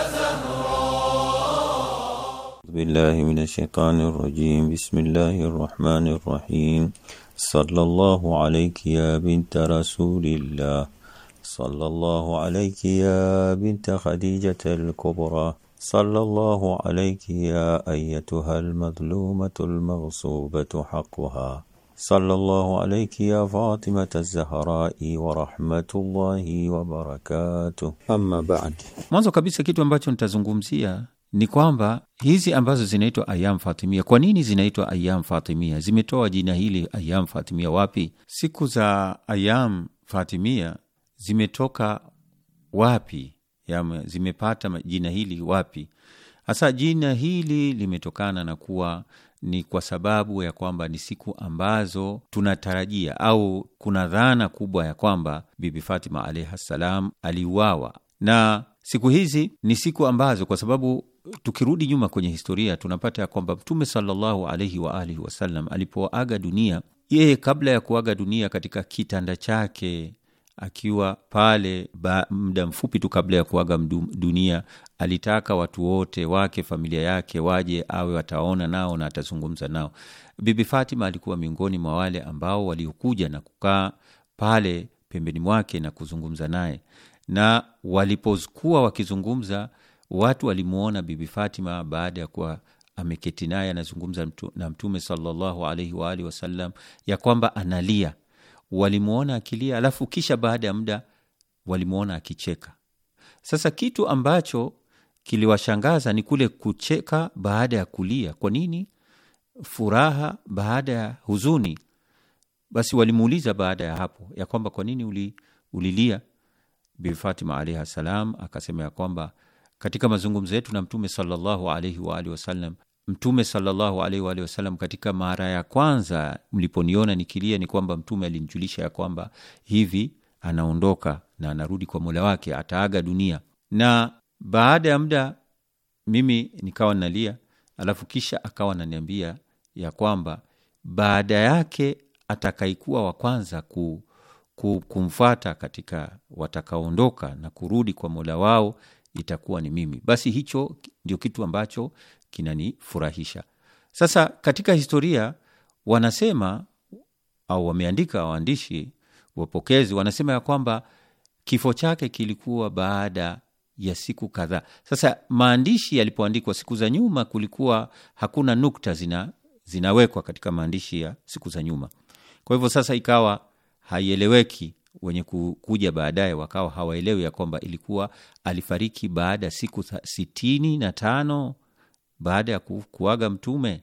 بالله من الشيطان الرجيم بسم الله الرحمن الرحيم صلى الله عليك يا بنت رسول الله صلى الله عليك يا بنت خديجة الكبرى صلى الله عليك يا أيتها المظلومة المغصوبة حقها صلى الله عليك يا فاطمة الزهراء ورحمة الله وبركاته أما بعد mwanzo kabisa kitu ambacho nitazungumzia ni kwamba hizi ambazo zinaitwa ayam fatimia kwa nini zinaitwa ayam fatimia zimetoa jina hili ayam fatimia wapi siku za ayam fatimia zimetoka wapi ya zimepata jina hili wapi hasa jina hili limetokana na kuwa ni kwa sababu ya kwamba ni siku ambazo tunatarajia au kuna dhana kubwa ya kwamba bibi fatima alaihi ssalam aliuawa na siku hizi ni siku ambazo kwa sababu tukirudi nyuma kwenye historia tunapata ya kwamba mtume salallahu alaihi waalihi wasallam alipoaga dunia yeye kabla ya kuaga dunia katika kitanda chake akiwa pale muda mfupi tu kabla ya kuaga dunia alitaka watu wote wake familia yake waje awe wataona nao na atazungumza nao bibi fatima alikuwa miongoni mwa wale ambao waliokuja na kukaa pale pembeni mwake na kuzungumza naye na walipokuwa wakizungumza watu walimwona bibi fatima baada ya kuwa ameketi naye anazungumza na mtume salallahu alaihi waalihi wasallam ya kwamba analia walimwona akilia alafu kisha baada ya muda walimwona akicheka sasa kitu ambacho kiliwashangaza ni kule kucheka baada ya kulia kwa nini furaha baada ya huzuni basi walimuuliza baada ya hapo ya kwamba kwa nini uli, ulilia bibi fatima alaihi salam akasema ya kwamba katika mazungumzo yetu na Mtume sallallahu alaihi waalihi wasallam Mtume sallallahu alaihi waalihi wasallam, katika mara ya kwanza mliponiona nikilia, ni kwamba Mtume alinjulisha ya kwamba hivi anaondoka na anarudi kwa mola wake, ataaga dunia. Na baada ya muda mimi nikawa nalia, alafu kisha akawa naniambia ya kwamba baada yake atakaikuwa wa kwanza ku, ku, kumfata katika watakaondoka na kurudi kwa mola wao itakuwa ni mimi basi hicho ndio kitu ambacho kinanifurahisha sasa katika historia wanasema au wameandika waandishi wapokezi wanasema ya kwamba kifo chake kilikuwa baada ya siku kadhaa sasa maandishi yalipoandikwa siku za nyuma kulikuwa hakuna nukta zina zinawekwa katika maandishi ya siku za nyuma kwa hivyo sasa ikawa haieleweki wenye kuja baadaye wakawa hawaelewi ya kwamba ilikuwa alifariki baada ya siku sitini na tano baada ya kuaga mtume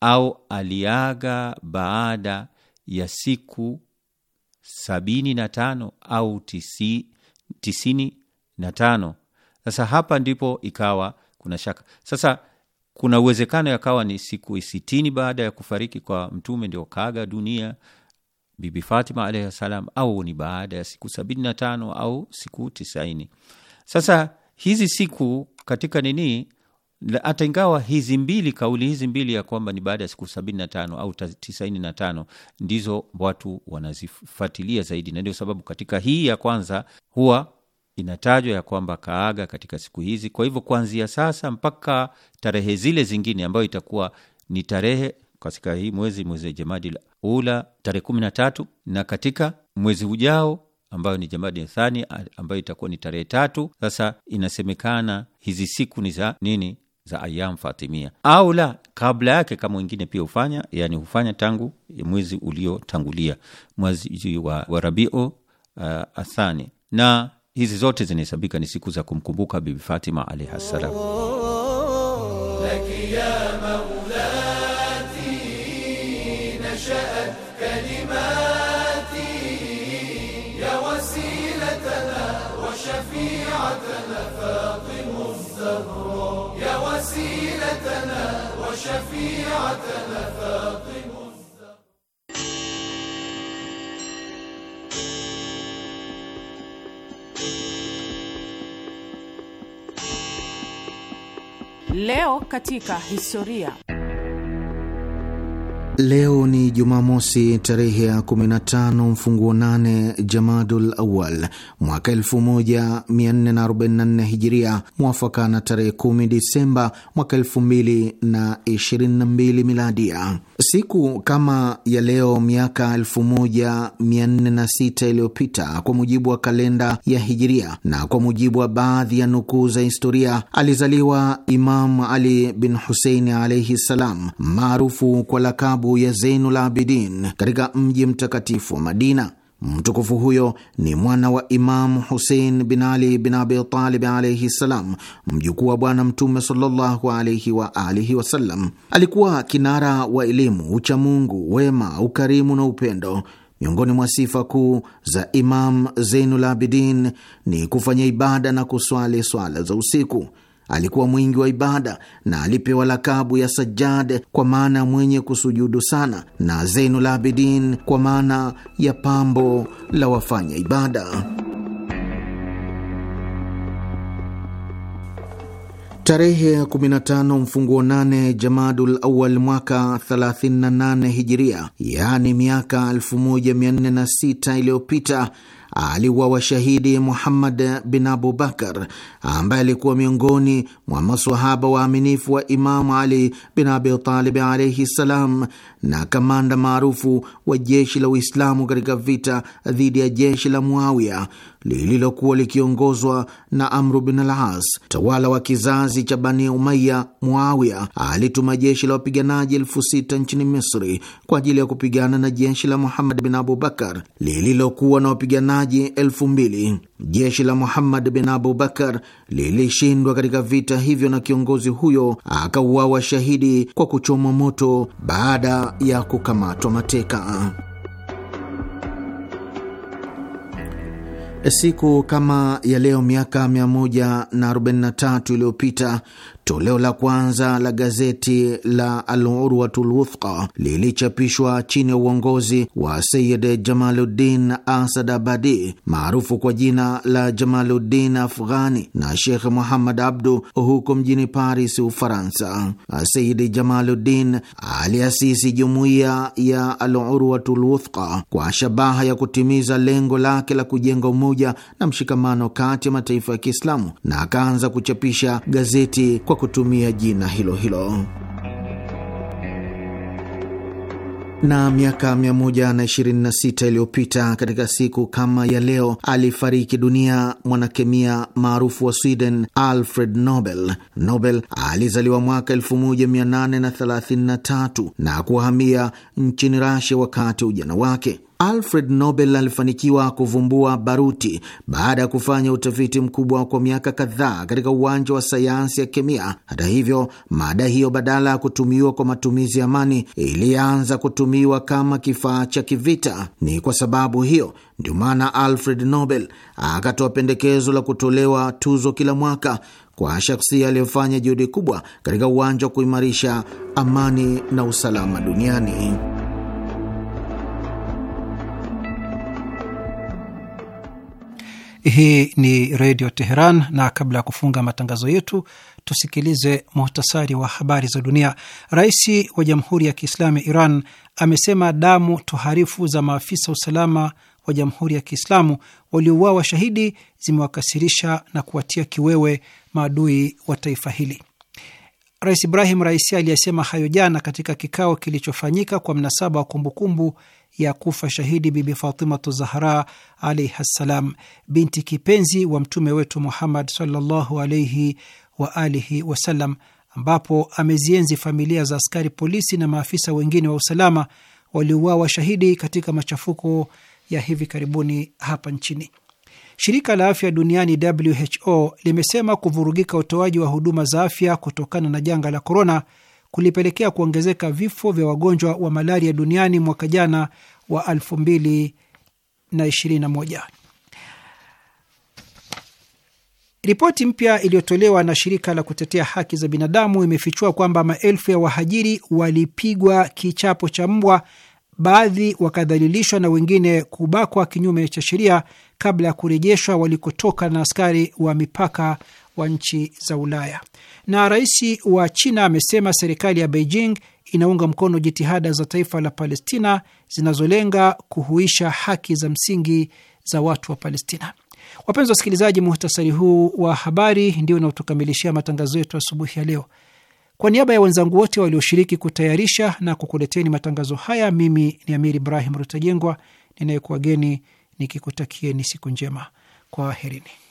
au aliaga baada ya siku sabini na tano au tisi, tisini na tano sasa hapa ndipo ikawa kuna shaka sasa kuna uwezekano yakawa ni siku sitini baada ya kufariki kwa mtume ndio kaaga dunia Bibi Fatima alaihi salam au ni baada ya siku tano au siku tisaini Sasa hizi siku katika nini, hata ingawa hizi mbili kauli hizi mbili ya kwamba ni baada ya siku tano au tano ndizo watu wanazifuatilia zaidi, na ndio sababu katika hii ya kwanza huwa inatajwa ya kwamba kaaga katika siku hizi. Kwa hivyo kuanzia sasa mpaka tarehe zile zingine ambayo itakuwa ni tarehe katika hii mwezi mwezi Jamadi ula tarehe kumi na katika mwezi ujao ambayo ni Jamadi Thani ambayo itakuwa ni tarehe tatu. Sasa inasemekana hizi siku ni za nini? Za ayam Fatimia au la kabla yake, kama wengine pia hufanya, yani hufanya tangu mwezi uliotangulia mwezi wa, wa Rabiu uh, Athani, na hizi zote zinahesabika ni siku za kumkumbuka Bibi Fatima alaihi ssalam. شفيعتنا فاطم الزهراء يا وسيلتنا وشفيعتنا فاطم الزهراء Leo katika historia. Leo ni Jumamosi tarehe ya 15 mfunguo 8 Jamadul Awal mwaka 1444 Hijiria, mwafaka na tarehe 10 Disemba mwaka 2022 Miladia. Siku kama ya leo miaka 1406 iliyopita kwa mujibu wa kalenda ya Hijiria na kwa mujibu wa baadhi ya nukuu za historia, alizaliwa Imam Ali bin Husein alaihi ssalam, maarufu kwa lakabu madhabahu ya Zeinul Abidin katika mji mtakatifu wa Madina. Mtukufu huyo ni mwana wa Imamu Husein bin Ali bin Abi Talib alaihi ssalam, mjukuu wa Bwana Mtume sallallahu alaihi wa alihi wasallam. Alikuwa kinara wa elimu, uchamungu, wema, ukarimu na upendo. Miongoni mwa sifa kuu za Imam Zeinul Abidin ni kufanya ibada na kuswali swala za usiku. Alikuwa mwingi wa ibada na alipewa lakabu ya Sajjad kwa maana ya mwenye kusujudu sana, na Zainul Abidin kwa maana ya pambo la wafanya ibada. Tarehe ya 15 mfunguo 8 Jamadul Awal mwaka 38 Hijiria, yaani miaka 1406 iliyopita aliwa washahidi Muhammad bin Abubakar ambaye alikuwa miongoni mwa masahaba waaminifu wa Imamu Ali bin Abitalib alaihi ssalam, na kamanda maarufu wa jeshi la Uislamu katika vita dhidi ya jeshi la Muawiya lililokuwa likiongozwa na Amru bin al As, tawala wa kizazi cha Bani Umaya. Muawia alituma jeshi la wapiganaji elfu sita nchini Misri kwa ajili ya kupigana na jeshi la Muhammad bin Abubakar lililokuwa na wapiganaji elfu mbili. Jeshi la Muhammad bin Abubakar lilishindwa katika vita hivyo na kiongozi huyo akauawa shahidi kwa kuchomwa moto baada ya kukamatwa mateka. Siku kama ya leo miaka 143 iliyopita Toleo la kwanza la gazeti la al Wuthqa lilichapishwa chini ya uongozi wa Sayid Jamaluddin Asad Abadi maarufu kwa jina la Jamaluddin Afghani na Shekh Muhammad Abdu huko mjini Paris, Ufaransa. Sayid Jamaluddin aliasisi jumuiya ya al Wuthqa kwa shabaha ya kutimiza lengo lake la kujenga umoja na mshikamano kati ya mataifa ya Kiislamu na akaanza kuchapisha gazeti kwa kwa kutumia jina hilo hilo. na miaka 126 iliyopita katika siku kama ya leo alifariki dunia mwanakemia maarufu wa Sweden Alfred Nobel. Nobel alizaliwa mwaka 1833 na kuhamia nchini Russia wakati wa ujana wake. Alfred Nobel alifanikiwa kuvumbua baruti baada ya kufanya utafiti mkubwa kwa miaka kadhaa katika uwanja wa sayansi ya kemia. Hata hivyo, mada hiyo badala ya kutumiwa kwa matumizi ya amani ilianza kutumiwa kama kifaa cha kivita. Ni kwa sababu hiyo ndio maana Alfred Nobel akatoa pendekezo la kutolewa tuzo kila mwaka kwa shaksia aliyofanya juhudi kubwa katika uwanja wa kuimarisha amani na usalama duniani. Hii ni Redio Teheran, na kabla ya kufunga matangazo yetu tusikilize muhtasari wa habari za dunia. Rais wa Jamhuri ya Kiislamu ya Iran amesema damu toharifu za maafisa usalama wa Jamhuri ya Kiislamu waliouawa shahidi zimewakasirisha na kuwatia kiwewe maadui wa taifa hili. Rais Ibrahim Raisi aliyesema hayo jana katika kikao kilichofanyika kwa mnasaba wa kumbukumbu ya kufa shahidi Bibi Fatimatu Zahra alaihi ssalam, binti kipenzi wa mtume wetu Muhammad sallallahu alaihi wa alihi wasallam, ambapo amezienzi familia za askari polisi na maafisa wengine wa usalama waliouawa shahidi katika machafuko ya hivi karibuni hapa nchini. Shirika la afya duniani WHO limesema kuvurugika utoaji wa huduma za afya kutokana na janga la korona kulipelekea kuongezeka vifo vya wagonjwa wa malaria duniani mwaka jana wa 2021. Ripoti mpya iliyotolewa na shirika la kutetea haki za binadamu imefichua kwamba maelfu ya wahajiri walipigwa kichapo cha mbwa, baadhi wakadhalilishwa na wengine kubakwa kinyume cha sheria kabla ya kurejeshwa walikotoka na askari wa mipaka wa nchi za Ulaya. Na rais wa China amesema serikali ya Beijing inaunga mkono jitihada za taifa la Palestina zinazolenga kuhuisha haki za msingi za watu wa Palestina. Wapenzi wa wasikilizaji, muhtasari huu wa habari ndio unaotukamilishia matangazo yetu asubuhi ya leo. Kwa niaba ya wenzangu wote walioshiriki kutayarisha na kukuleteni matangazo haya, mimi ni Amir Ibrahim Rutajengwa ninayekuwageni nikikutakieni siku njema. kwa Kwaherini.